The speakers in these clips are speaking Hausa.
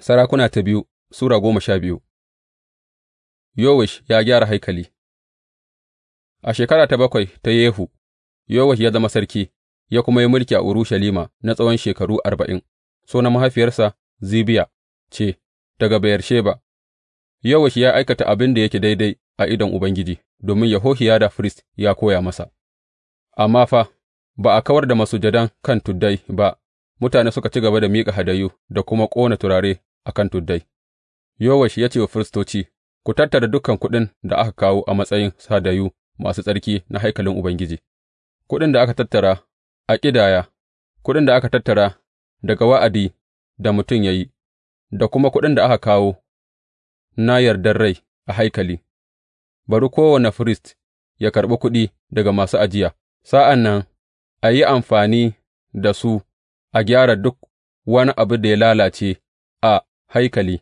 Sarakuna ta biyu Sura goma sha biyu Yowash ya gyara haikali A shekara ta bakwai ta Yehu, Yowash ya zama sarki, ya kuma yi mulki a Urushalima na tsawon shekaru arba'in, sunan mahaifiyarsa Zibiya ce, daga Beyersheba. Yowash ya aikata abin da yake daidai a idon Ubangiji, domin yahohiya da firist ya koya masa. Amma fa, ba a kawar da masu jadan kan tuddai ba, mutane suka ci gaba da miƙa hadayu da kuma ƙona turare a kan tuddai, Yowash ya ce wa firistoci, Ku tattara dukan kuɗin da aka kawo a matsayin sada'yu masu tsarki na haikalin Ubangiji, kuɗin da aka tattara a ƙidaya, kuɗin da aka tattara daga wa'adi da mutum ya yi, da kuma kuɗin da aka kawo na yardar rai a haikali, bari kowane firist ya karɓi kuɗi daga masu ajiya, sa'an nan a yi amfani da su a gyara duk wani abu da ya lalace haikali,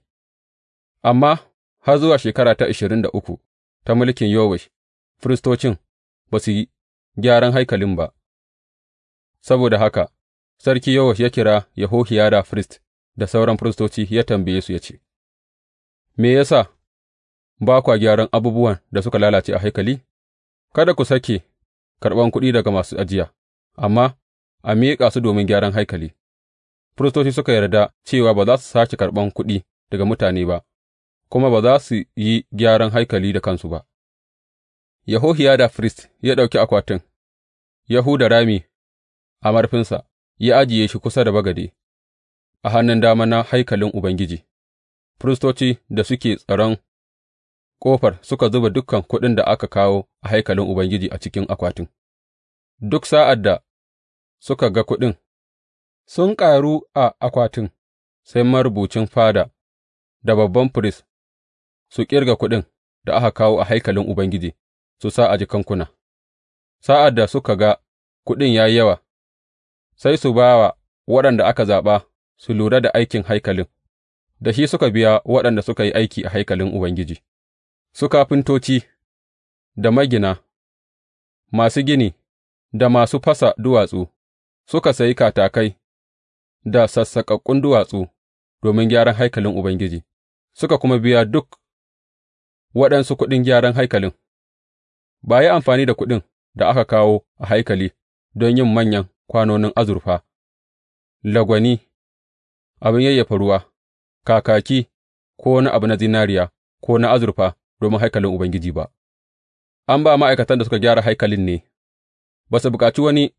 amma har zuwa shekara ta ashirin da uku ta mulkin Yowash, firistocin ba su yi gyaran haikalin ba, saboda haka sarki Yowash ya kira da firist da sauran firistoci ya tambaye su ya ce, Me ya sa ba kwa gyaran abubuwan da suka lalace a haikali? Kada ku sake karɓan kuɗi daga masu ajiya, amma a miƙa su domin gyaran haikali. firistoci suka yarda cewa ba za su sāke karɓan kuɗi daga mutane ba, kuma ba za su yi gyaran haikali da kansu ba. da firist ya ɗauki akwatin, ya huda rami a marfinsa, ya ajiye shi kusa da bagade a hannun dama na haikalin Ubangiji, firistoci da suke tsaron ƙofar suka zuba dukkan kuɗin da aka kawo a haikalin Ubangiji a cikin akwatin, duk sa'ad da suka ga kuɗin sun ƙaru a akwatin, sai marubucin fada da babban firist su ƙirga kuɗin da aka kawo a haikalin Ubangiji su sa a jakankuna, sa'ad da suka ga kuɗin ya yi yawa, sai su ba wa waɗanda aka zaɓa su lura da aikin haikalin, da shi suka biya waɗanda suka yi aiki a haikalin Ubangiji, su kafintoci da magina, masu gini da masu fasa duwatsu, suka sayi katakai da sassaƙaƙƙun duwatsu domin gyaran haikalin Ubangiji, suka kuma biya duk waɗansu kuɗin gyaran haikalin, ba yi amfani da kuɗin da aka kawo a haikali don yin manyan kwanonin azurfa, lagwani, abin yayyafa ruwa, kakaki, ko wani abu na zinariya ko na azurfa domin haikalin Ubangiji ba. An ba ma'aikatan da suka gyara haikalin ne, ba su bukaci wani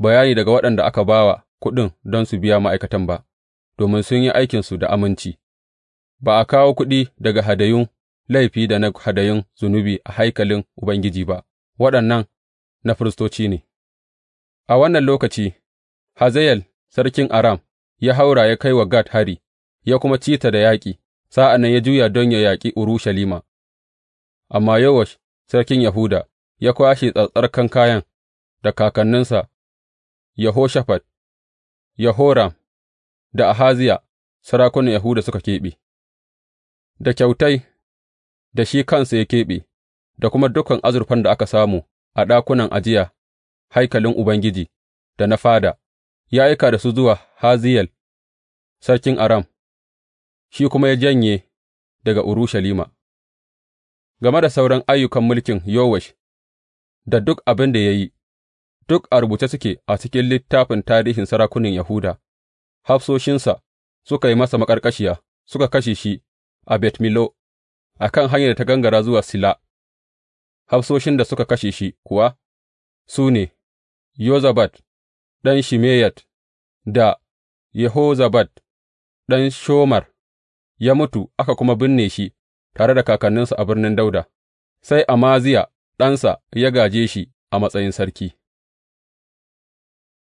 bayani daga waɗanda aka bawa. kuɗin don su biya ma'aikatan ba, domin sun yi aikinsu da aminci, ba a kawo kuɗi daga hadayun laifi da na hadayun zunubi a haikalin Ubangiji ba, waɗannan na firistoci ne. A wannan lokaci, Hazayel sarkin Aram ya haura ya kai wa Gad hari, ya kuma ci ta da yaƙi, sa'an nan ya juya don ya yaƙi Urushalima, amma Yowash sarkin Yahuda ya kwashe tsattsarkan kayan da kakanninsa Yehoshafat Yehoram da Ahaziya sarakunan Yahuda suka keɓe, da kyautai da shi kansa ya keɓe, da kuma dukan azurfan da aka samu a ɗakunan ajiya haikalin Ubangiji da na fada, ya aika da su zuwa Haziyel sarkin Aram, shi kuma ya janye daga Urushalima. Game da sauran ayyukan mulkin Yowash da duk abin da ya yi. duk a rubuce suke a cikin littafin tarihin sarakunan Yahuda, hafsoshinsa suka yi masa maƙarƙashiya suka kashe shi a Bet Milo a kan hanyar da ta gangara zuwa Sila, hafsoshin da suka kashe shi kuwa su ne Yozabat ɗan Shimeyat da Yehozabat ɗan Shomar, ya mutu aka kuma binne shi tare da kakanninsa a birnin Dauda, sai Amaziya ɗansa ya gaje shi a matsayin sarki.